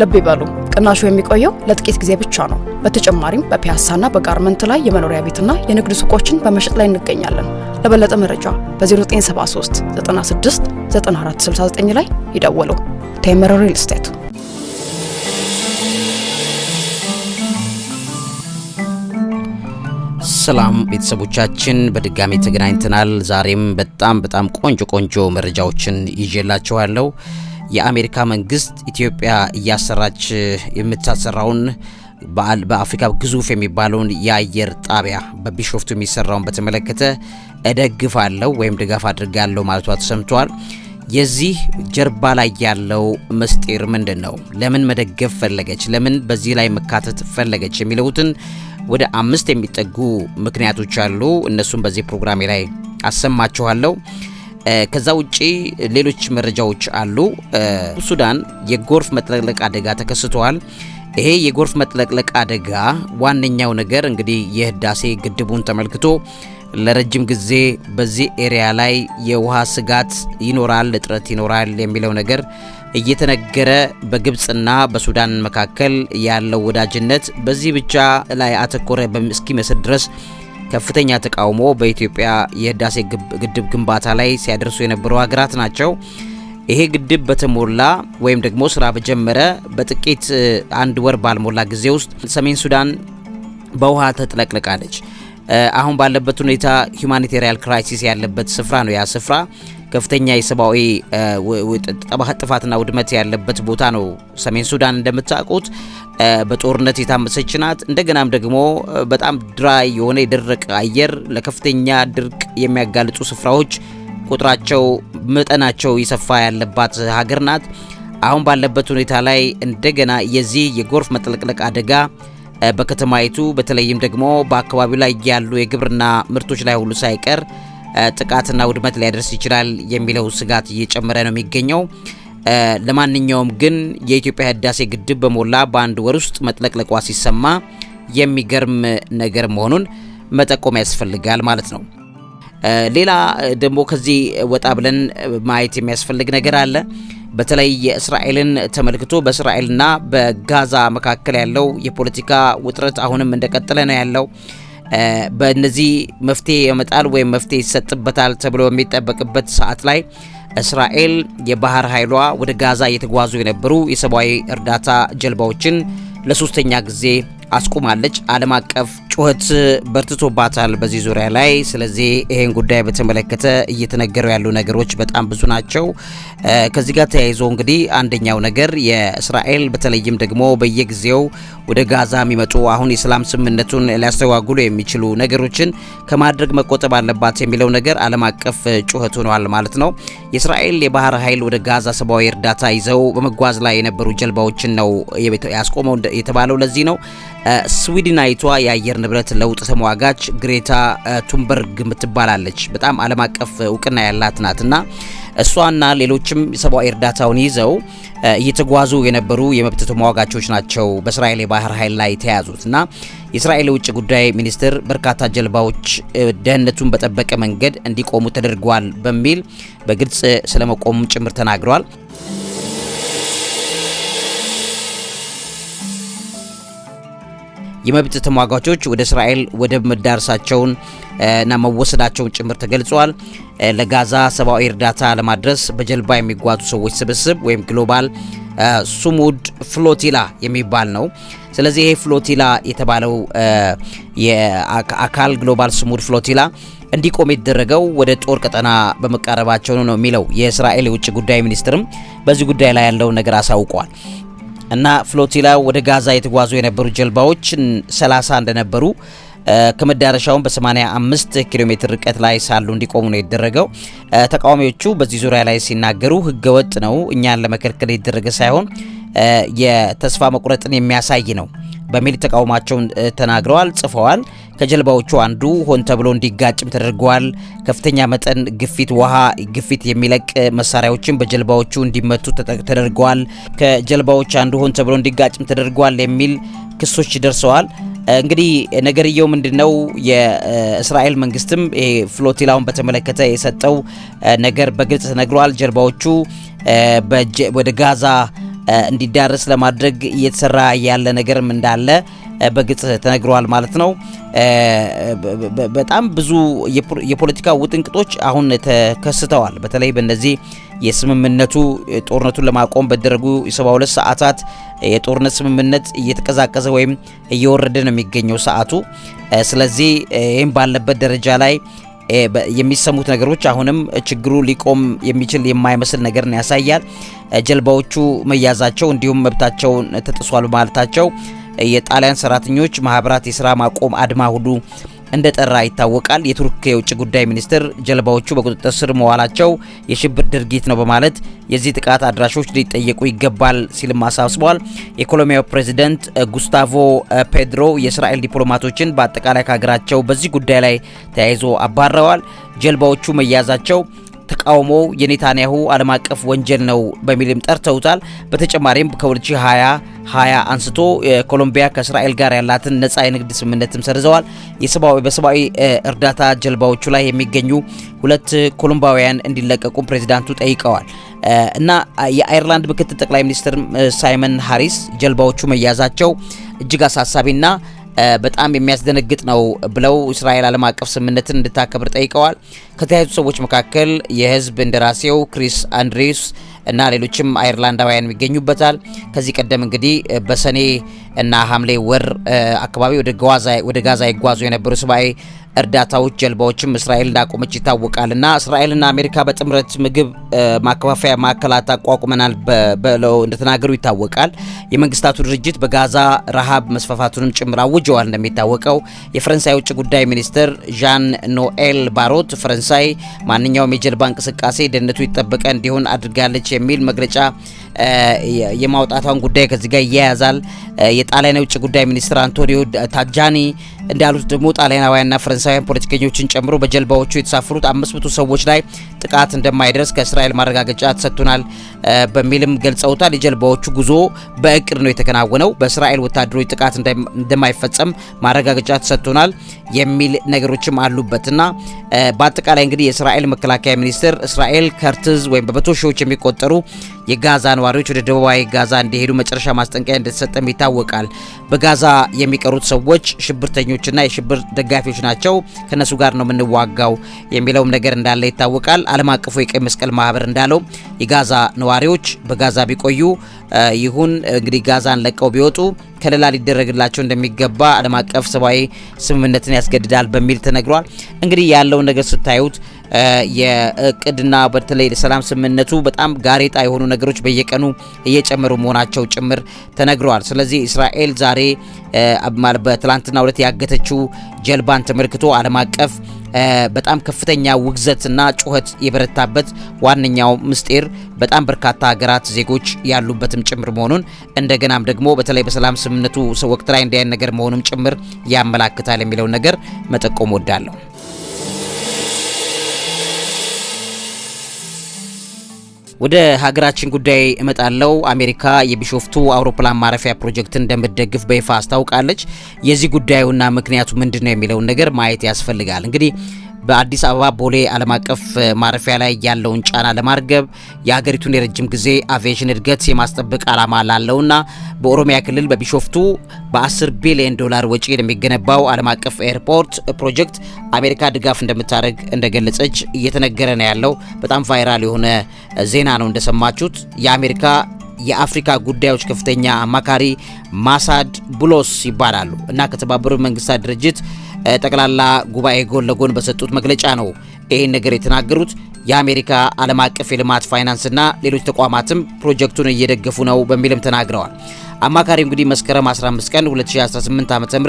ልብ ይበሉ ቅናሹ የሚቆየው ለጥቂት ጊዜ ብቻ ነው። በተጨማሪም በፒያሳና በጋርመንት ላይ የመኖሪያ ቤትና የንግድ ሱቆችን በመሸጥ ላይ እንገኛለን። ለበለጠ መረጃ በ0973 96 9469 ላይ ይደውሉ። ቴምር ሪል ስቴት ሰላም ቤተሰቦቻችን በድጋሚ ተገናኝተናል። ዛሬም በጣም በጣም ቆንጆ ቆንጆ መረጃዎችን ይዤላችኋለሁ። የአሜሪካ መንግስት ኢትዮጵያ እያሰራች የምታሰራውን በአፍሪካ ግዙፍ የሚባለውን የአየር ጣቢያ በቢሾፍቱ የሚሰራውን በተመለከተ እደግፋለሁ ወይም ድጋፍ አድርጋለሁ ማለቷ ተሰምቷል። የዚህ ጀርባ ላይ ያለው ምስጢር ምንድን ነው? ለምን መደገፍ ፈለገች? ለምን በዚህ ላይ መካተት ፈለገች? የሚለውትን ወደ አምስት የሚጠጉ ምክንያቶች አሉ። እነሱም በዚህ ፕሮግራሜ ላይ አሰማችኋለሁ። ከዛ ውጪ ሌሎች መረጃዎች አሉ። ሱዳን የጎርፍ መጥለቅለቅ አደጋ ተከስቷል። ይሄ የጎርፍ መጥለቅለቅ አደጋ ዋነኛው ነገር እንግዲህ የህዳሴ ግድቡን ተመልክቶ ለረጅም ጊዜ በዚህ ኤሪያ ላይ የውሃ ስጋት ይኖራል፣ እጥረት ይኖራል የሚለው ነገር እየተነገረ በግብፅና በሱዳን መካከል ያለው ወዳጅነት በዚህ ብቻ ላይ አተኮረ እስኪመስል ድረስ ከፍተኛ ተቃውሞ በኢትዮጵያ የህዳሴ ግድብ ግንባታ ላይ ሲያደርሱ የነበሩ ሀገራት ናቸው። ይሄ ግድብ በተሞላ ወይም ደግሞ ስራ በጀመረ በጥቂት አንድ ወር ባልሞላ ጊዜ ውስጥ ሰሜን ሱዳን በውሃ ተጥለቅልቃለች። አሁን ባለበት ሁኔታ ሁማኒቴሪያን ክራይሲስ ያለበት ስፍራ ነው። ያ ስፍራ ከፍተኛ የሰብአዊ ጥፋትና ውድመት ያለበት ቦታ ነው። ሰሜን ሱዳን እንደምታውቁት በጦርነት የታመሰች ናት። እንደገናም ደግሞ በጣም ድራይ የሆነ የደረቀ አየር ለከፍተኛ ድርቅ የሚያጋልጡ ስፍራዎች ቁጥራቸው መጠናቸው የሰፋ ያለባት ሀገር ናት። አሁን ባለበት ሁኔታ ላይ እንደገና የዚህ የጎርፍ መጥለቅለቅ አደጋ በከተማይቱ በተለይም ደግሞ በአካባቢው ላይ ያሉ የግብርና ምርቶች ላይ ሁሉ ሳይቀር ጥቃትና ውድመት ሊያደርስ ይችላል የሚለው ስጋት እየጨመረ ነው የሚገኘው። ለማንኛውም ግን የኢትዮጵያ ህዳሴ ግድብ በሞላ በአንድ ወር ውስጥ መጥለቅለቋ ሲሰማ የሚገርም ነገር መሆኑን መጠቆም ያስፈልጋል ማለት ነው። ሌላ ደግሞ ከዚህ ወጣ ብለን ማየት የሚያስፈልግ ነገር አለ። በተለይ የእስራኤልን ተመልክቶ በእስራኤልና በጋዛ መካከል ያለው የፖለቲካ ውጥረት አሁንም እንደቀጠለ ነው ያለው። በእነዚህ መፍትሄ ይመጣል ወይም መፍትሄ ይሰጥበታል ተብሎ የሚጠበቅበት ሰዓት ላይ እስራኤል የባህር ኃይሏ ወደ ጋዛ እየተጓዙ የነበሩ የሰብአዊ እርዳታ ጀልባዎችን ለሶስተኛ ጊዜ አስቁማለች። ዓለም አቀፍ ጩኸት በርትቶባታል በዚህ ዙሪያ ላይ። ስለዚህ ይህን ጉዳይ በተመለከተ እየተነገሩ ያሉ ነገሮች በጣም ብዙ ናቸው። ከዚህ ጋር ተያይዞ እንግዲህ አንደኛው ነገር የእስራኤል በተለይም ደግሞ በየጊዜው ወደ ጋዛ የሚመጡ አሁን የሰላም ስምምነቱን ሊያስተጓጉሉ የሚችሉ ነገሮችን ከማድረግ መቆጠብ አለባት የሚለው ነገር ዓለም አቀፍ ጩኸት ሆኗል ማለት ነው። የእስራኤል የባህር ኃይል ወደ ጋዛ ሰብአዊ እርዳታ ይዘው በመጓዝ ላይ የነበሩ ጀልባዎችን ነው ያስቆመው የተባለው ለዚህ ነው። ስዊድናዊቷ የአየር ንብረት ለውጥ ተሟጋች ግሬታ ቱምበርግ የምትባላለች በጣም ዓለም አቀፍ እውቅና ያላት ናትና እሷና ሌሎችም ሰብአዊ እርዳታውን ይዘው እየተጓዙ የነበሩ የመብት ተሟጋቾች ናቸው በእስራኤል የባህር ኃይል ላይ የተያዙት እና የእስራኤል የውጭ ጉዳይ ሚኒስትር በርካታ ጀልባዎች ደህንነቱን በጠበቀ መንገድ እንዲቆሙ ተደርጓል በሚል በግልጽ ስለመቆም ጭምር ተናግረዋል። የመብት ተሟጋቾች ወደ እስራኤል ወደብ መዳረሳቸውን እና መወሰዳቸውን ጭምር ተገልጿል። ለጋዛ ሰብአዊ እርዳታ ለማድረስ በጀልባ የሚጓዙ ሰዎች ስብስብ ወይም ግሎባል ሱሙድ ፍሎቲላ የሚባል ነው። ስለዚህ ይሄ ፍሎቲላ የተባለው የአካል ግሎባል ሱሙድ ፍሎቲላ እንዲቆም የተደረገው ወደ ጦር ቀጠና በመቃረባቸው ነው የሚለው የእስራኤል የውጭ ጉዳይ ሚኒስትርም በዚህ ጉዳይ ላይ ያለውን ነገር አሳውቋል። እና ፍሎቲላ ወደ ጋዛ የተጓዙ የነበሩ ጀልባዎችን 30 እንደነበሩ ከመዳረሻውን በ85 ኪሎ ሜትር ርቀት ላይ ሳሉ እንዲቆሙ ነው የተደረገው። ተቃዋሚዎቹ በዚህ ዙሪያ ላይ ሲናገሩ ህገወጥ ነው፣ እኛን ለመከልከል የተደረገ ሳይሆን የተስፋ መቁረጥን የሚያሳይ ነው በሚል ተቃውሟቸውን ተናግረዋል፣ ጽፈዋል። ከጀልባዎቹ አንዱ ሆን ተብሎ እንዲጋጭም ተደርገዋል። ከፍተኛ መጠን ግፊት፣ ውሃ ግፊት የሚለቅ መሳሪያዎችን በጀልባዎቹ እንዲመቱ ተደርገዋል። ከጀልባዎች አንዱ ሆን ተብሎ እንዲጋጭም ተደርገዋል የሚል ክሶች ደርሰዋል። እንግዲህ ነገርየው ምንድነው? የእስራኤል መንግስትም ፍሎቲላውን በተመለከተ የሰጠው ነገር በግልጽ ተነግሯል። ጀልባዎቹ ወደ ጋዛ እንዲዳረስ ለማድረግ እየተሰራ ያለ ነገርም እንዳለ በግልጽ ተነግሯል ማለት ነው። በጣም ብዙ የፖለቲካ ውጥንቅጦች አሁን ተከስተዋል። በተለይ በእነዚህ የስምምነቱ ጦርነቱን ለማቆም በደረጉ 72 ሰዓታት የጦርነት ስምምነት እየተቀዛቀዘ ወይም እየወረደ ነው የሚገኘው ሰዓቱ። ስለዚህ ይህም ባለበት ደረጃ ላይ የሚሰሙት ነገሮች አሁንም ችግሩ ሊቆም የሚችል የማይመስል ነገርን ያሳያል። ጀልባዎቹ መያዛቸው እንዲሁም መብታቸውን ተጥሷል ማለታቸው የጣሊያን ሰራተኞች ማህበራት የስራ ማቆም አድማ ሁሉ እንደ ጠራ ይታወቃል። የቱርክ የውጭ ጉዳይ ሚኒስትር ጀልባዎቹ በቁጥጥር ስር መዋላቸው የሽብር ድርጊት ነው በማለት የዚህ ጥቃት አድራሾች ሊጠየቁ ይገባል ሲልም አሳስቧል። የኮሎምቢያው ፕሬዚደንት ጉስታቮ ፔድሮ የእስራኤል ዲፕሎማቶችን በአጠቃላይ ከሀገራቸው በዚህ ጉዳይ ላይ ተያይዞ አባረዋል። ጀልባዎቹ መያዛቸው ተቃውሞው የኔታንያሁ ዓለም አቀፍ ወንጀል ነው በሚልም ጠርተውታል። በተጨማሪም ከ2020 20 አንስቶ ኮሎምቢያ ከእስራኤል ጋር ያላትን ነጻ የንግድ ስምምነትም ሰርዘዋል። በሰብአዊ እርዳታ ጀልባዎቹ ላይ የሚገኙ ሁለት ኮሎምባውያን እንዲለቀቁ ፕሬዚዳንቱ ጠይቀዋል እና የአይርላንድ ምክትል ጠቅላይ ሚኒስትር ሳይመን ሀሪስ ጀልባዎቹ መያዛቸው እጅግ አሳሳቢና በጣም የሚያስደነግጥ ነው ብለው እስራኤል ዓለም አቀፍ ስምምነትን እንድታከብር ጠይቀዋል። ከተያዙ ሰዎች መካከል የህዝብ እንደራሴው ክሪስ አንድሬስ እና ሌሎችም አይርላንዳውያን ይገኙበታል። ከዚህ ቀደም እንግዲህ በሰኔ እና ሐምሌ ወር አካባቢ ወደ ጋዛ ይጓዙ የነበሩ ሰብአዊ እርዳታዎች ጀልባዎችም እስራኤል እንዳቆመች ይታወቃልና እስራኤልና አሜሪካ በጥምረት ምግብ ማከፋፈያ ማዕከላት አቋቁመናል ብለው እንደተናገሩ ይታወቃል። የመንግስታቱ ድርጅት በጋዛ ረሃብ መስፋፋቱንም ጭምር አውጀዋል። እንደሚታወቀው የፈረንሳይ ውጭ ጉዳይ ሚኒስትር ዣን ኖኤል ባሮት ፈረንሳይ ማንኛውም የጀልባ እንቅስቃሴ ደህንነቱ ይጠበቀ እንዲሆን አድርጋለች የሚል መግለጫ የማውጣቷን ጉዳይ ከዚህ ጋር ይያያዛል። የጣሊያን የውጭ ጉዳይ ሚኒስትር አንቶኒዮ ታጃኒ እንዳሉት ደግሞ ጣሊያናውያንና ፈረንሳውያን ፖለቲከኞችን ጨምሮ በጀልባዎቹ የተሳፈሩት አምስት መቶ ሰዎች ላይ ጥቃት እንደማይደርስ ከእስራኤል ማረጋገጫ ተሰጥቶናል በሚልም ገልጸውታል። የጀልባዎቹ ጉዞ በእቅድ ነው የተከናወነው፣ በእስራኤል ወታደሮች ጥቃት እንደማይፈጸም ማረጋገጫ ተሰጥቶናል የሚል ነገሮችም አሉበትና በአጠቃላይ እንግዲህ የእስራኤል መከላከያ ሚኒስትር እስራኤል ከርትዝ ወይም በመቶ ሺዎች የሚቆጠሩ የጋዛ ነዋሪዎች ወደ ደቡባዊ ጋዛ እንዲሄዱ መጨረሻ ማስጠንቀቂያ እንደተሰጠም ይታወቃል። በጋዛ የሚቀሩት ሰዎች ሽብርተኞችና የሽብር ደጋፊዎች ናቸው፣ ከነሱ ጋር ነው የምንዋጋው የሚለውም ነገር እንዳለ ይታወቃል። ዓለም አቀፉ የቀይ መስቀል ማህበር እንዳለው የጋዛ ነዋሪዎች በጋዛ ቢቆዩ ይሁን እንግዲህ ጋዛን ለቀው ቢወጡ ከለላ ሊደረግላቸው እንደሚገባ ዓለም አቀፍ ሰብአዊ ስምምነትን ያስገድዳል በሚል ተነግሯል። እንግዲህ ያለውን ነገር ስታዩት የእቅድና በተለይ ሰላም ስምምነቱ በጣም ጋሬጣ የሆኑ ነገሮች በየቀኑ እየጨመሩ መሆናቸው ጭምር ተነግረዋል። ስለዚህ እስራኤል ዛሬ በትላንትና ሁለት ያገተችው ጀልባን ተመልክቶ ዓለም አቀፍ በጣም ከፍተኛ ውግዘትና ጩኸት የበረታበት ዋነኛው ምስጢር በጣም በርካታ ሀገራት ዜጎች ያሉበትም ጭምር መሆኑን እንደገናም ደግሞ በተለይ በሰላም ስምምነቱ ወቅት ላይ እንዲያን ነገር መሆኑም ጭምር ያመላክታል የሚለውን ነገር መጠቆም ወዳለሁ። ወደ ሀገራችን ጉዳይ እመጣለው። አሜሪካ የቢሾፍቱ አውሮፕላን ማረፊያ ፕሮጀክትን እንደምትደግፍ በይፋ አስታውቃለች። የዚህ ጉዳዩና ምክንያቱ ምንድን ነው የሚለውን ነገር ማየት ያስፈልጋል እንግዲህ በአዲስ አበባ ቦሌ ዓለም አቀፍ ማረፊያ ላይ ያለውን ጫና ለማርገብ የሀገሪቱን የረጅም ጊዜ አቪዬሽን እድገት የማስጠበቅ ዓላማ ላለውና በኦሮሚያ ክልል በቢሾፍቱ በ10 ቢሊዮን ዶላር ወጪ የሚገነባው ዓለም አቀፍ ኤርፖርት ፕሮጀክት አሜሪካ ድጋፍ እንደምታደርግ እንደገለጸች እየተነገረ ነው ያለው። በጣም ቫይራል የሆነ ዜና ነው እንደሰማችሁት። የአሜሪካ የአፍሪካ ጉዳዮች ከፍተኛ አማካሪ ማሳድ ቡሎስ ይባላሉ እና ከተባበሩት መንግስታት ድርጅት ጠቅላላ ጉባኤ ጎን ለጎን በሰጡት መግለጫ ነው ይህን ነገር የተናገሩት። የአሜሪካ ዓለም አቀፍ የልማት ፋይናንስና ሌሎች ተቋማትም ፕሮጀክቱን እየደገፉ ነው በሚልም ተናግረዋል። አማካሪ እንግዲህ መስከረም 15 ቀን 2018 ዓ.ም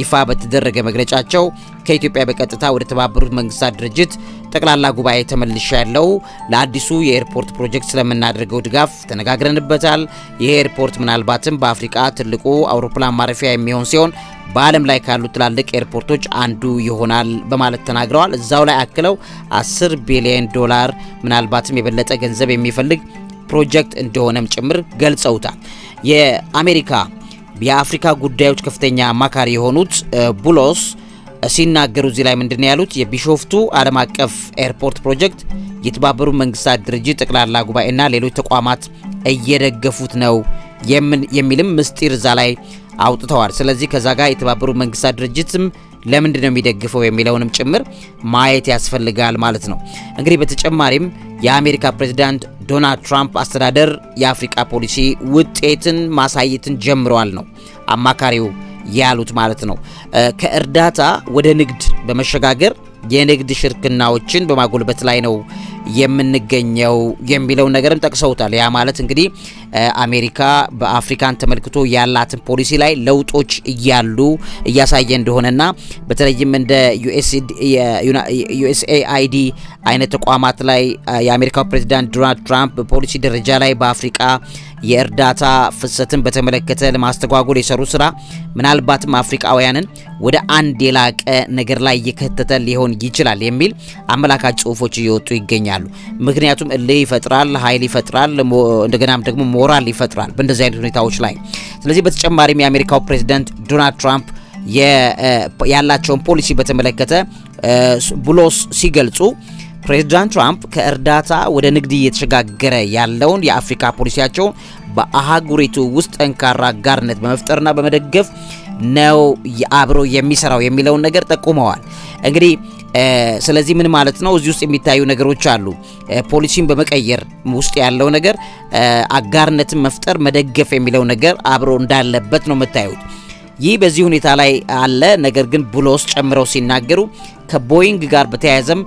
ይፋ በተደረገ መግለጫቸው ከኢትዮጵያ በቀጥታ ወደ ተባበሩት መንግስታት ድርጅት ጠቅላላ ጉባኤ ተመልሻ ያለው ለአዲሱ የኤርፖርት ፕሮጀክት ስለምናደርገው ድጋፍ ተነጋግረንበታል። ይህ ኤርፖርት ምናልባትም በአፍሪካ ትልቁ አውሮፕላን ማረፊያ የሚሆን ሲሆን በዓለም ላይ ካሉ ትላልቅ ኤርፖርቶች አንዱ ይሆናል በማለት ተናግረዋል። እዛው ላይ አክለው 10 ቢሊዮን ዶላር ምናልባትም የበለጠ ገንዘብ የሚፈልግ ፕሮጀክት እንደሆነም ጭምር ገልጸውታል። የአሜሪካ የአፍሪካ ጉዳዮች ከፍተኛ አማካሪ የሆኑት ቡሎስ ሲናገሩ እዚህ ላይ ምንድን ያሉት የቢሾፍቱ ዓለም አቀፍ ኤርፖርት ፕሮጀክት የተባበሩ መንግስታት ድርጅት ጠቅላላ ጉባኤና ሌሎች ተቋማት እየደገፉት ነው የሚልም ምስጢር እዛ ላይ አውጥተዋል። ስለዚህ ከዛ ጋር የተባበሩት መንግስታት ድርጅትም ለምንድን ነው የሚደግፈው የሚለውንም ጭምር ማየት ያስፈልጋል ማለት ነው። እንግዲህ በተጨማሪም የአሜሪካ ፕሬዚዳንት ዶናልድ ትራምፕ አስተዳደር የአፍሪካ ፖሊሲ ውጤትን ማሳየትን ጀምረዋል ነው አማካሪው ያሉት ማለት ነው። ከእርዳታ ወደ ንግድ በመሸጋገር የንግድ ሽርክናዎችን በማጎልበት ላይ ነው የምንገኘው የሚለው ነገርም ጠቅሰውታል። ያ ማለት እንግዲህ አሜሪካ በአፍሪካን ተመልክቶ ያላትን ፖሊሲ ላይ ለውጦች እያሉ እያሳየ እንደሆነና በተለይም እንደ ዩኤስኤአይዲ አይነት ተቋማት ላይ የአሜሪካው ፕሬዚዳንት ዶናልድ ትራምፕ በፖሊሲ ደረጃ ላይ በአፍሪቃ የእርዳታ ፍሰትን በተመለከተ ለማስተጓጎል የሰሩ ስራ ምናልባትም አፍሪቃውያንን ወደ አንድ የላቀ ነገር ላይ እየከተተ ሊሆን ይችላል የሚል አመላካች ጽሁፎች እየወጡ ይገኛል። ይገኛሉ። ምክንያቱም እልህ ይፈጥራል፣ ኃይል ይፈጥራል፣ እንደገናም ደግሞ ሞራል ይፈጥራል በእንደዚህ አይነት ሁኔታዎች ላይ። ስለዚህ በተጨማሪም የአሜሪካው ፕሬዚደንት ዶናልድ ትራምፕ ያላቸውን ፖሊሲ በተመለከተ ብሎስ ሲገልጹ ፕሬዚዳንት ትራምፕ ከእርዳታ ወደ ንግድ እየተሸጋገረ ያለውን የአፍሪካ ፖሊሲያቸውን በአህጉሪቱ ውስጥ ጠንካራ አጋርነት በመፍጠርና በመደገፍ ነው አብሮ የሚሰራው የሚለውን ነገር ጠቁመዋል። እንግዲህ ስለዚህ ምን ማለት ነው? እዚህ ውስጥ የሚታዩ ነገሮች አሉ። ፖሊሲን በመቀየር ውስጥ ያለው ነገር አጋርነትን መፍጠር፣ መደገፍ የሚለው ነገር አብሮ እንዳለበት ነው የምታዩት። ይህ በዚህ ሁኔታ ላይ አለ። ነገር ግን ብሎስ ጨምረው ሲናገሩ ከቦይንግ ጋር በተያያዘም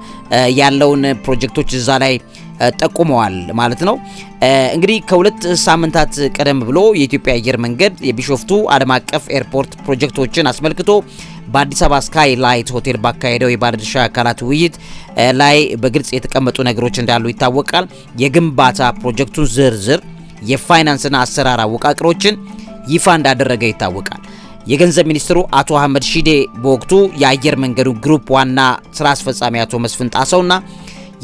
ያለውን ፕሮጀክቶች እዛ ላይ ጠቁመዋል ማለት ነው። እንግዲህ ከሁለት ሳምንታት ቀደም ብሎ የኢትዮጵያ አየር መንገድ የቢሾፍቱ ዓለም አቀፍ ኤርፖርት ፕሮጀክቶችን አስመልክቶ በአዲስ አበባ ስካይ ላይት ሆቴል ባካሄደው የባለድርሻ አካላት ውይይት ላይ በግልጽ የተቀመጡ ነገሮች እንዳሉ ይታወቃል። የግንባታ ፕሮጀክቱን ዝርዝር የፋይናንስና አሰራር አወቃቀሮችን ይፋ እንዳደረገ ይታወቃል። የገንዘብ ሚኒስትሩ አቶ አህመድ ሺዴ በወቅቱ የአየር መንገዱ ግሩፕ ዋና ስራ አስፈጻሚ አቶ መስፍን ጣሰውና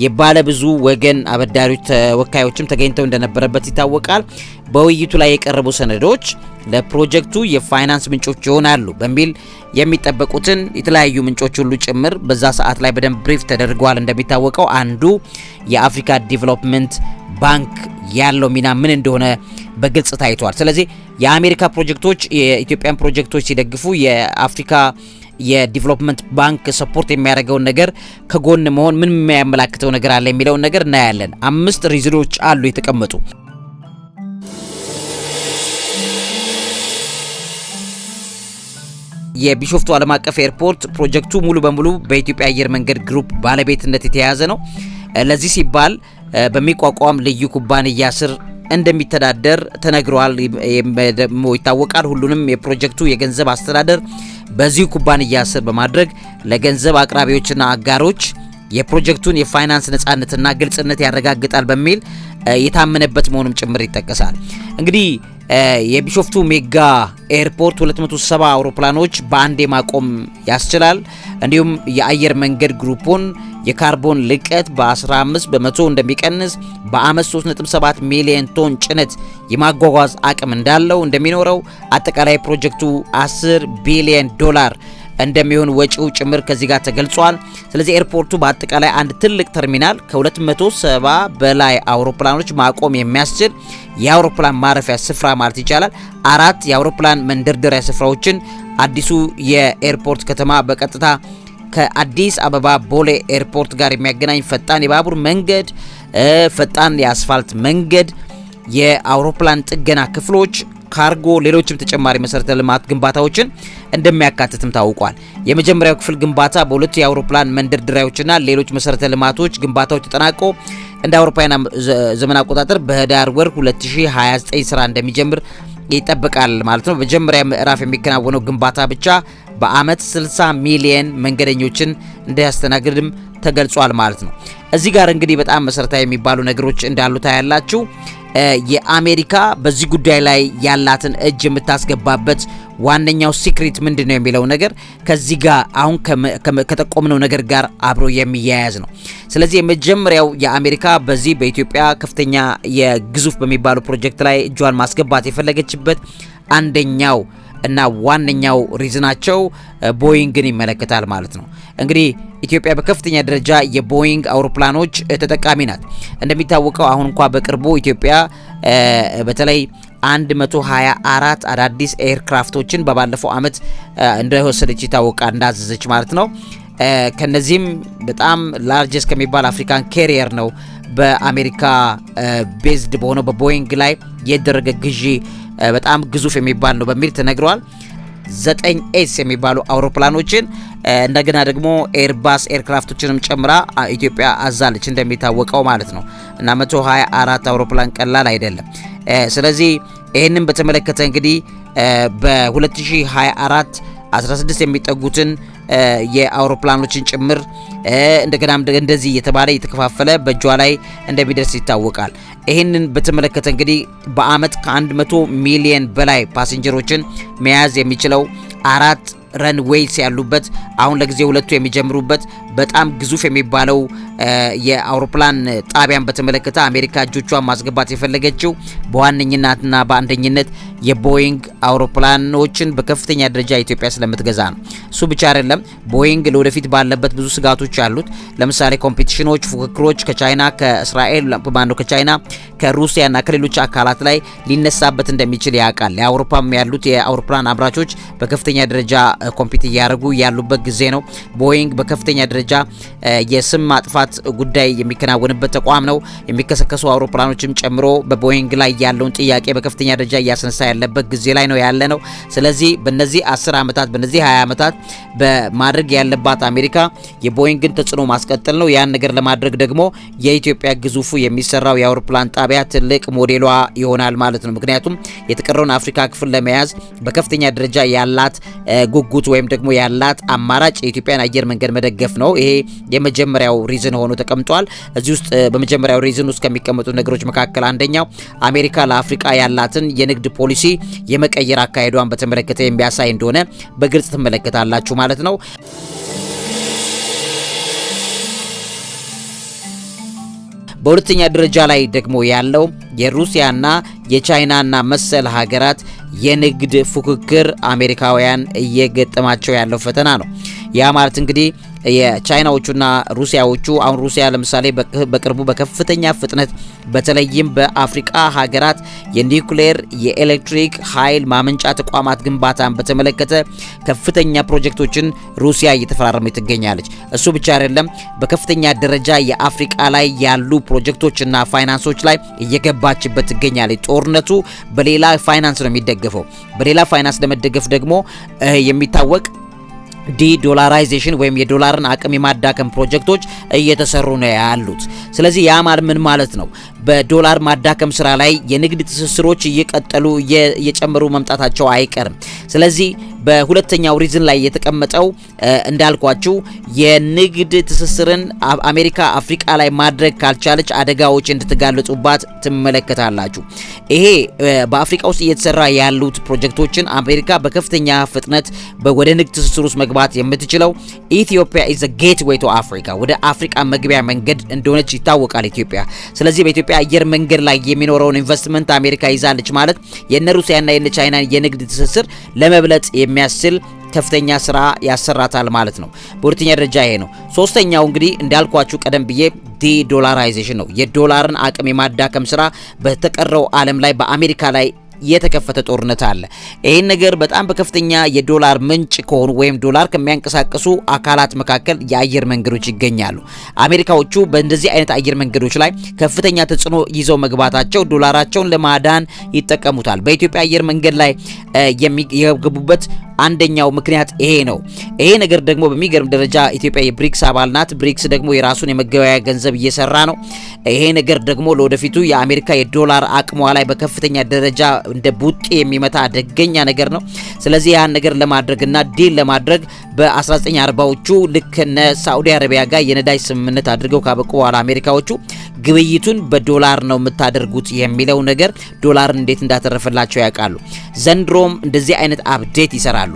የባለ ብዙ ወገን አበዳሪዎች ተወካዮችም ተገኝተው እንደነበረበት ይታወቃል። በውይይቱ ላይ የቀረቡ ሰነዶች ለፕሮጀክቱ የፋይናንስ ምንጮች ይሆናሉ በሚል የሚጠበቁትን የተለያዩ ምንጮች ሁሉ ጭምር በዛ ሰዓት ላይ በደንብ ብሪፍ ተደርገዋል። እንደሚታወቀው አንዱ የአፍሪካ ዲቨሎፕመንት ባንክ ያለው ሚና ምን እንደሆነ በግልጽ ታይቷል። ስለዚህ የአሜሪካ ፕሮጀክቶች የኢትዮጵያን ፕሮጀክቶች ሲደግፉ የአፍሪካ የዲቨሎፕመንት ባንክ ሰፖርት የሚያደርገውን ነገር ከጎን መሆን ምን የሚያመላክተው ነገር አለ የሚለውን ነገር እናያለን። አምስት ሪዝኖች አሉ የተቀመጡ። የቢሾፍቱ ዓለም አቀፍ ኤርፖርት ፕሮጀክቱ ሙሉ በሙሉ በኢትዮጵያ አየር መንገድ ግሩፕ ባለቤትነት የተያያዘ ነው። ለዚህ ሲባል በሚቋቋም ልዩ ኩባንያ ስር እንደሚተዳደር ተነግረዋል ደግሞ ይታወቃል። ሁሉንም የፕሮጀክቱ የገንዘብ አስተዳደር በዚሁ ኩባንያ ስር በማድረግ ለገንዘብ አቅራቢዎችና አጋሮች የፕሮጀክቱን የፋይናንስ ነጻነትና ግልጽነት ያረጋግጣል በሚል የታመነበት መሆኑም ጭምር ይጠቀሳል። እንግዲህ የቢሾፍቱ ሜጋ ኤርፖርት 270 አውሮፕላኖች በአንዴ ማቆም ያስችላል። እንዲሁም የአየር መንገድ ግሩፑን የካርቦን ልቀት በ15 በመቶ እንደሚቀንስ በአመት 37 ሚሊዮን ቶን ጭነት የማጓጓዝ አቅም እንዳለው እንደሚኖረው አጠቃላይ ፕሮጀክቱ 10 ቢሊዮን ዶላር እንደሚሆን ወጪው ጭምር ከዚህ ጋር ተገልጿል። ስለዚህ ኤርፖርቱ በአጠቃላይ አንድ ትልቅ ተርሚናል ከ270 በላይ አውሮፕላኖች ማቆም የሚያስችል የአውሮፕላን ማረፊያ ስፍራ ማለት ይቻላል። አራት የአውሮፕላን መንደርደሪያ ስፍራዎችን አዲሱ የኤርፖርት ከተማ በቀጥታ ከአዲስ አበባ ቦሌ ኤርፖርት ጋር የሚያገናኝ ፈጣን የባቡር መንገድ፣ ፈጣን የአስፋልት መንገድ የአውሮፕላን ጥገና ክፍሎች ካርጎ፣ ሌሎችም ተጨማሪ መሰረተ ልማት ግንባታዎችን እንደሚያካትትም ታውቋል። የመጀመሪያው ክፍል ግንባታ በሁለቱ የአውሮፕላን መንደርደሪያዎችና ሌሎች መሰረተ ልማቶች ግንባታዎች ተጠናቆ እንደ አውሮፓውያን ዘመን አቆጣጠር በህዳር ወር 2029 ስራ እንደሚጀምር ይጠበቃል ማለት ነው። በመጀመሪያ ምዕራፍ የሚከናወነው ግንባታ ብቻ በአመት 60 ሚሊየን መንገደኞችን እንዲያስተናግድም ተገልጿል ማለት ነው። እዚህ ጋር እንግዲህ በጣም መሰረታዊ የሚባሉ ነገሮች እንዳሉ ታያላችሁ። የአሜሪካ በዚህ ጉዳይ ላይ ያላትን እጅ የምታስገባበት ዋነኛው ሲክሪት ምንድን ነው የሚለው ነገር ከዚህ ጋር አሁን ከጠቆምነው ነገር ጋር አብሮ የሚያያዝ ነው። ስለዚህ የመጀመሪያው የአሜሪካ በዚህ በኢትዮጵያ ከፍተኛ የግዙፍ በሚባሉ ፕሮጀክት ላይ እጇን ማስገባት የፈለገችበት አንደኛው እና ዋነኛው ሪዝናቸው ቦይንግን ይመለከታል ማለት ነው። እንግዲህ ኢትዮጵያ በከፍተኛ ደረጃ የቦይንግ አውሮፕላኖች ተጠቃሚ ናት። እንደሚታወቀው አሁን እንኳ በቅርቡ ኢትዮጵያ በተለይ 124 አዳዲስ ኤርክራፍቶችን በባለፈው ዓመት እንደወሰደች ይታወቃል፣ እንዳዘዘች ማለት ነው። ከነዚህም በጣም ላርጀስ ከሚባል አፍሪካን ኬሪየር ነው በአሜሪካ ቤዝድ በሆነው በቦይንግ ላይ የደረገ ግዢ በጣም ግዙፍ የሚባል ነው በሚል ተነግረዋል። ዘጠኝ ኤስ የሚባሉ አውሮፕላኖችን እንደገና ደግሞ ኤርባስ ኤርክራፍቶችንም ጨምራ ኢትዮጵያ አዛለች እንደሚታወቀው ማለት ነው። እና 124 አውሮፕላን ቀላል አይደለም። ስለዚህ ይህንን በተመለከተ እንግዲህ በ2024 16 የሚጠጉትን የአውሮፕላኖችን ጭምር እንደገናም እንደዚህ እየተባለ እየተከፋፈለ በእጇ ላይ እንደሚደርስ ይታወቃል። ይህንን በተመለከተ እንግዲህ በአመት ከ100 ሚሊየን በላይ ፓሴንጀሮችን መያዝ የሚችለው አራት ረንዌይስ ያሉበት አሁን ለጊዜ ሁለቱ የሚጀምሩበት በጣም ግዙፍ የሚባለው የአውሮፕላን ጣቢያን በተመለከተ አሜሪካ እጆቿን ማስገባት የፈለገችው በዋነኝነትና በአንደኝነት የቦይንግ አውሮፕላኖችን በከፍተኛ ደረጃ ኢትዮጵያ ስለምትገዛ ነው። እሱ ብቻ አይደለም። ቦይንግ ለወደፊት ባለበት ብዙ ስጋቶች አሉት። ለምሳሌ ኮምፒቲሽኖች፣ ፉክክሮች ከቻይና ከእስራኤል ማነው ከቻይና ከሩሲያና ከሌሎች አካላት ላይ ሊነሳበት እንደሚችል ያውቃል። የአውሮፓም ያሉት የአውሮፕላን አምራቾች በከፍተኛ ደረጃ ኮምፒት እያደረጉ ያሉበት ጊዜ ነው። ቦይንግ በከፍተኛ ደረጃ ደረጃ የስም ማጥፋት ጉዳይ የሚከናወንበት ተቋም ነው። የሚከሰከሱ አውሮፕላኖችም ጨምሮ በቦይንግ ላይ ያለውን ጥያቄ በከፍተኛ ደረጃ እያስነሳ ያለበት ጊዜ ላይ ነው ያለ ነው። ስለዚህ በነዚህ 10 ዓመታት በነዚህ 20 ዓመታት በማድረግ ያለባት አሜሪካ የቦይንግን ተጽዕኖ ማስቀጠል ነው። ያን ነገር ለማድረግ ደግሞ የኢትዮጵያ ግዙፉ የሚሰራው የአውሮፕላን ጣቢያ ትልቅ ሞዴሏ ይሆናል ማለት ነው። ምክንያቱም የተቀረውን አፍሪካ ክፍል ለመያዝ በከፍተኛ ደረጃ ያላት ጉጉት ወይም ደግሞ ያላት አማራጭ የኢትዮጵያን አየር መንገድ መደገፍ ነው። ይሄ የመጀመሪያው ሪዝን ሆኖ ተቀምጧል። እዚህ ውስጥ በመጀመሪያው ሪዝን ውስጥ ከሚቀመጡ ነገሮች መካከል አንደኛው አሜሪካ ለአፍሪቃ ያላትን የንግድ ፖሊሲ የመቀየር አካሄዷን በተመለከተ የሚያሳይ እንደሆነ በግልጽ ትመለከታላችሁ ማለት ነው። በሁለተኛ ደረጃ ላይ ደግሞ ያለው የሩሲያና የቻይናና መሰል ሀገራት የንግድ ፉክክር አሜሪካውያን እየገጠማቸው ያለው ፈተና ነው። ያ ማለት እንግዲህ የቻይናዎቹና ሩሲያዎቹ አሁን ሩሲያ ለምሳሌ በቅርቡ በከፍተኛ ፍጥነት በተለይም በአፍሪቃ ሀገራት የኒውክሌር የኤሌክትሪክ ኃይል ማመንጫ ተቋማት ግንባታን በተመለከተ ከፍተኛ ፕሮጀክቶችን ሩሲያ እየተፈራረመ ትገኛለች። እሱ ብቻ አይደለም፣ በከፍተኛ ደረጃ የአፍሪቃ ላይ ያሉ ፕሮጀክቶችና ፋይናንሶች ላይ እየገባችበት ትገኛለች። ጦርነቱ በሌላ ፋይናንስ ነው የሚደገፈው። በሌላ ፋይናንስ ለመደገፍ ደግሞ የሚታወቅ ዲዶላራይዜሽን ወይም የዶላርን አቅም የማዳከም ፕሮጀክቶች እየተሰሩ ነው ያሉት። ስለዚህ ያ ምን ማለት ነው? በዶላር ማዳከም ስራ ላይ የንግድ ትስስሮች እየቀጠሉ እየጨመሩ መምጣታቸው አይቀርም። ስለዚህ በሁለተኛው ሪዝን ላይ የተቀመጠው እንዳልኳችሁ የንግድ ትስስርን አሜሪካ አፍሪካ ላይ ማድረግ ካልቻለች አደጋዎች እንድትጋለጹባት ትመለከታላችሁ። ይሄ በአፍሪካ ውስጥ እየተሰራ ያሉት ፕሮጀክቶችን አሜሪካ በከፍተኛ ፍጥነት ወደ ንግድ ትስስር ውስጥ መግባት የምትችለው ኢትዮጵያ ኢዝ ጌትዌይ ቱ አፍሪካ ወደ አፍሪካ መግቢያ መንገድ እንደሆነች ይታወቃል ኢትዮጵያ። ስለዚህ በኢትዮጵያ የኢትዮጵያ አየር መንገድ ላይ የሚኖረውን ኢንቨስትመንት አሜሪካ ይዛለች ማለት የነ ሩሲያና የነ ቻይናን የንግድ ትስስር ለመብለጥ የሚያስችል ከፍተኛ ስራ ያሰራታል ማለት ነው። በሁለተኛ ደረጃ ይሄ ነው። ሶስተኛው እንግዲህ እንዳልኳችሁ ቀደም ብዬ ዲዶላራይዜሽን ነው። የዶላርን አቅም የማዳከም ስራ በተቀረው ዓለም ላይ በአሜሪካ ላይ የተከፈተ ጦርነት አለ። ይህን ነገር በጣም በከፍተኛ የዶላር ምንጭ ከሆኑ ወይም ዶላር ከሚያንቀሳቅሱ አካላት መካከል የአየር መንገዶች ይገኛሉ። አሜሪካዎቹ በእንደዚህ አይነት አየር መንገዶች ላይ ከፍተኛ ተጽዕኖ ይዘው መግባታቸው ዶላራቸውን ለማዳን ይጠቀሙታል። በኢትዮጵያ አየር መንገድ ላይ የሚገቡበት አንደኛው ምክንያት ይሄ ነው። ይሄ ነገር ደግሞ በሚገርም ደረጃ ኢትዮጵያ የብሪክስ አባል ናት። ብሪክስ ደግሞ የራሱን የመገበያያ ገንዘብ እየሰራ ነው። ይሄ ነገር ደግሞ ለወደፊቱ የአሜሪካ የዶላር አቅሟ ላይ በከፍተኛ ደረጃ እንደ ቡጤ የሚመታ አደገኛ ነገር ነው። ስለዚህ ያን ነገር ለማድረግና ዲል ለማድረግ በ1940ዎቹ ልክ እነ ሳዑዲ አረቢያ ጋር የነዳጅ ስምምነት አድርገው ካበቁ በኋላ አሜሪካዎቹ ግብይቱን በዶላር ነው የምታደርጉት የሚለው ነገር ዶላርን እንዴት እንዳተረፈላቸው ያውቃሉ። ዘንድሮም እንደዚህ አይነት አፕዴት ይሰራሉ።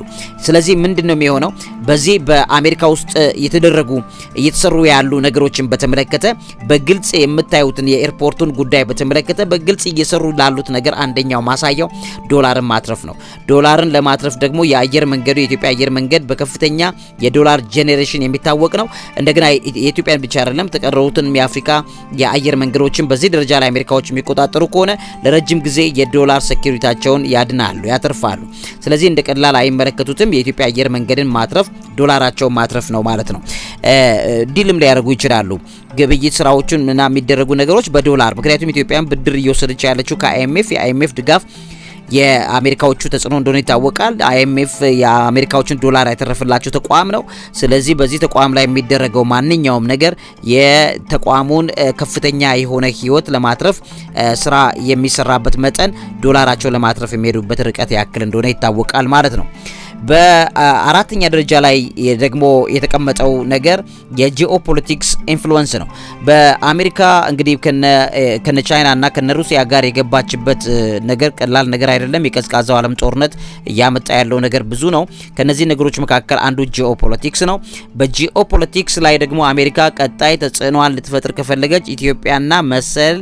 ስለዚህ ምንድን ነው የሚሆነው በዚህ በአሜሪካ ውስጥ የተደረጉ እየተሰሩ ያሉ ነገሮችን በተመለከተ በግልጽ የምታዩትን የኤርፖርቱን ጉዳይ በተመለከተ በግልጽ እየሰሩ ላሉት ነገር አንደኛው ማሳያው ዶላርን ማትረፍ ነው። ዶላርን ለማትረፍ ደግሞ የአየር መንገዱ የኢትዮጵያ አየር መንገድ በከፍተኛ የዶላር ጄኔሬሽን የሚታወቅ ነው። እንደገና የኢትዮጵያን ብቻ አይደለም ተቀረሩትን የአፍሪካ የአየር መንገዶችን በዚህ ደረጃ ላይ አሜሪካዎች የሚቆጣጠሩ ከሆነ ለረጅም ጊዜ የዶላር ሴኩሪታቸውን ያድናሉ፣ ያተርፋሉ። ስለዚህ እንደ ቀላል አይመለከቱትም። የኢትዮጵያ አየር መንገድን ማትረፍ ዶላራቸውን ማትረፍ ነው ማለት ነው። ዲልም ሊያደርጉ ይችላሉ። ግብይት ስራዎቹን እና የሚደረጉ ነገሮች በዶላር ምክንያቱም ኢትዮጵያን ብድር እየወሰደች ያለችው ከአይኤምኤፍ የአይኤምኤፍ ድጋፍ የአሜሪካዎቹ ተጽዕኖ እንደሆነ ይታወቃል። አይኤምኤፍ የአሜሪካዎችን ዶላር ያተረፍላቸው ተቋም ነው። ስለዚህ በዚህ ተቋም ላይ የሚደረገው ማንኛውም ነገር የተቋሙን ከፍተኛ የሆነ ህይወት ለማትረፍ ስራ የሚሰራበት መጠን ዶላራቸውን ለማትረፍ የሚሄዱበት ርቀት ያክል እንደሆነ ይታወቃል ማለት ነው። በአራተኛ ደረጃ ላይ ደግሞ የተቀመጠው ነገር የጂኦፖለቲክስ ኢንፍሉዌንስ ነው። በአሜሪካ እንግዲህ ከነ ቻይና እና ከነ ሩሲያ ጋር የገባችበት ነገር ቀላል ነገር አይደለም። የቀዝቃዛው ዓለም ጦርነት እያመጣ ያለው ነገር ብዙ ነው። ከነዚህ ነገሮች መካከል አንዱ ጂኦፖለቲክስ ነው። በጂኦፖለቲክስ ላይ ደግሞ አሜሪካ ቀጣይ ተጽዕኖዋን ልትፈጥር ከፈለገች ኢትዮጵያና መሰል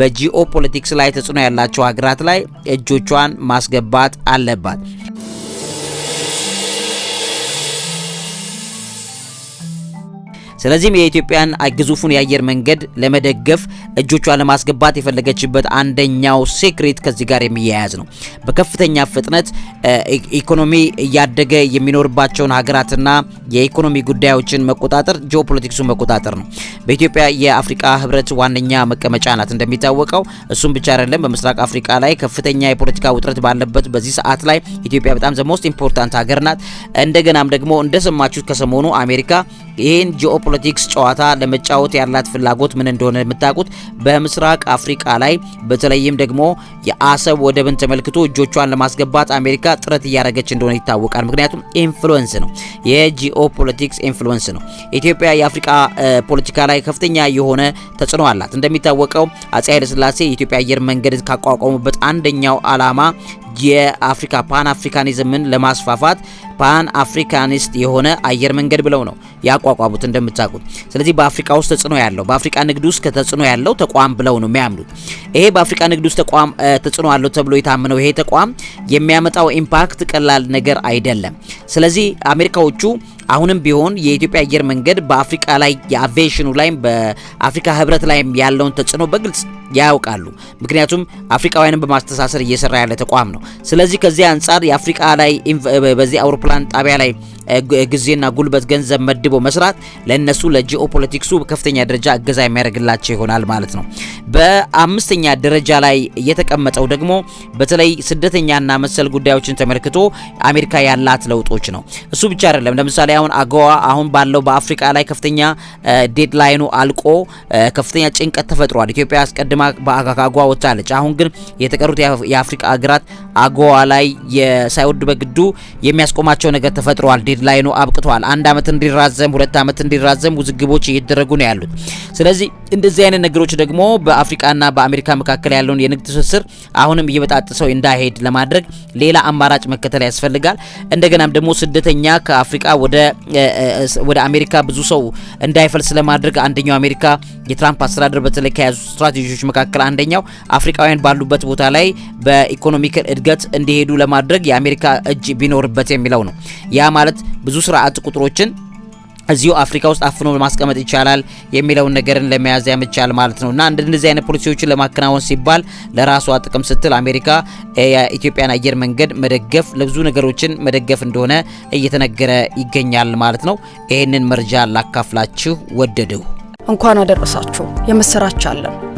በጂኦፖለቲክስ ላይ ተጽዕኖ ያላቸው ሀገራት ላይ እጆቿን ማስገባት አለባት። ስለዚህም የኢትዮጵያን ግዙፉን የአየር መንገድ ለመደገፍ እጆቿ ለማስገባት የፈለገችበት አንደኛው ሴክሬት ከዚህ ጋር የሚያያዝ ነው። በከፍተኛ ፍጥነት ኢኮኖሚ እያደገ የሚኖርባቸውን ሀገራትና የኢኮኖሚ ጉዳዮችን መቆጣጠር፣ ጂኦፖለቲክሱን መቆጣጠር ነው። በኢትዮጵያ የአፍሪካ ህብረት ዋነኛ መቀመጫ ናት እንደሚታወቀው። እሱም ብቻ አይደለም፣ በምስራቅ አፍሪካ ላይ ከፍተኛ የፖለቲካ ውጥረት ባለበት በዚህ ሰዓት ላይ ኢትዮጵያ በጣም ዘ ሞስት ኢምፖርታንት ሀገር ናት። እንደገናም ደግሞ እንደሰማችሁት ከሰሞኑ አሜሪካ ይህን ጂኦፖለቲክስ ጨዋታ ለመጫወት ያላት ፍላጎት ምን እንደሆነ የምታውቁት በምስራቅ አፍሪካ ላይ በተለይም ደግሞ የአሰብ ወደብን ተመልክቶ እጆቿን ለማስገባት አሜሪካ ጥረት እያደረገች እንደሆነ ይታወቃል። ምክንያቱም ኢንፍሉዌንስ ነው፣ የጂኦፖለቲክስ ኢንፍሉዌንስ ነው። ኢትዮጵያ የአፍሪካ ፖለቲካ ላይ ከፍተኛ የሆነ ተጽዕኖ አላት። እንደሚታወቀው አፄ ኃይለስላሴ የኢትዮጵያ አየር መንገድ ካቋቋሙበት አንደኛው ዓላማ የአፍሪካ ፓን አፍሪካኒዝምን ለማስፋፋት ፓን አፍሪካኒስት የሆነ አየር መንገድ ብለው ነው ያቋቋሙት እንደምታውቁት። ስለዚህ በአፍሪካ ውስጥ ተጽዕኖ ያለው በአፍሪካ ንግድ ውስጥ ከተጽዕኖ ያለው ተቋም ብለው ነው የሚያምኑት። ይሄ በአፍሪካ ንግድ ውስጥ ተቋም ተጽዕኖ አለው ተብሎ የታመነው ይሄ ተቋም የሚያመጣው ኢምፓክት ቀላል ነገር አይደለም። ስለዚህ አሜሪካዎቹ አሁንም ቢሆን የኢትዮጵያ አየር መንገድ በአፍሪካ ላይ የአቪዬሽኑ ላይም በአፍሪካ ህብረት ላይም ያለውን ተጽዕኖ በግልጽ ያውቃሉ። ምክንያቱም አፍሪካውያንን በማስተሳሰር እየሰራ ያለ ተቋም ነው። ስለዚህ ከዚህ አንጻር የአፍሪካ ላይ በዚህ አውሮፕላን ጣቢያ ላይ ጊዜና ጉልበት፣ ገንዘብ መድቦ መስራት ለነሱ ለጂኦፖለቲክሱ ከፍተኛ ደረጃ እገዛ የሚያደርግላቸው ይሆናል ማለት ነው። በአምስተኛ ደረጃ ላይ የተቀመጠው ደግሞ በተለይ ስደተኛና መሰል ጉዳዮችን ተመልክቶ አሜሪካ ያላት ለውጦች ነው። እሱ ብቻ አይደለም። ለምሳሌ አሁን አገዋ አሁን ባለው በአፍሪካ ላይ ከፍተኛ ዴድላይኑ አልቆ ከፍተኛ ጭንቀት ተፈጥሯል። ኢትዮጵያ አስቀድማ በአጋጋጓ ወጥታለች። አሁን ግን የተቀሩት የአፍሪካ ሀገራት አጎዋ ላይ ሳይወድ በግዱ የሚያስቆማቸው ነገር ተፈጥሯል። ዴድላይኑ አብቅቷል። አንድ አመት እንዲራዘም፣ ሁለት አመት እንዲራዘም ውዝግቦች እየተደረጉ ነው ያሉት። ስለዚህ እንደዚህ አይነት ነገሮች ደግሞ በአፍሪካና በአሜሪካ መካከል ያለውን የንግድ ትስስር አሁንም እየበጣጥሰው እንዳይሄድ ለማድረግ ሌላ አማራጭ መከተል ያስፈልጋል። እንደገናም ደግሞ ስደተኛ ከአፍሪካ ወደ ወደ አሜሪካ ብዙ ሰው እንዳይፈልስ ለማድረግ አንደኛው አሜሪካ የትራምፕ አስተዳደር በተለይ ከያዙ ስትራቴጂዎች መካከል አንደኛው አፍሪካውያን ባሉበት ቦታ ላይ በኢኮኖሚክ እድገት እንዲሄዱ ለማድረግ የአሜሪካ እጅ ቢኖርበት የሚለው ነው። ያ ማለት ብዙ ስራ አጥ ቁጥሮችን እዚሁ አፍሪካ ውስጥ አፍኖ ማስቀመጥ ይቻላል የሚለውን ነገርን ለመያዝ ያመቻል ማለት ነው። እና እንደዚህ አይነት ፖሊሲዎችን ለማከናወን ሲባል ለራሷ ጥቅም ስትል አሜሪካ የኢትዮጵያን አየር መንገድ መደገፍ ለብዙ ነገሮችን መደገፍ እንደሆነ እየተነገረ ይገኛል ማለት ነው። ይህንን መረጃ ላካፍላችሁ ወደድሁ። እንኳን አደረሳችሁ። የምስራች አለን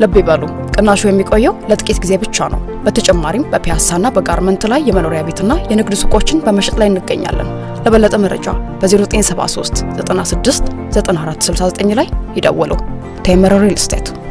ልብ ይበሉ ቅናሹ የሚቆየው ለጥቂት ጊዜ ብቻ ነው። በተጨማሪም በፒያሳና በጋርመንት ላይ የመኖሪያ ቤትና የንግድ ሱቆችን በመሸጥ ላይ እንገኛለን። ለበለጠ መረጃ በ0973 96 ላይ ይደውሉ። ቴምር ሪል ስቴት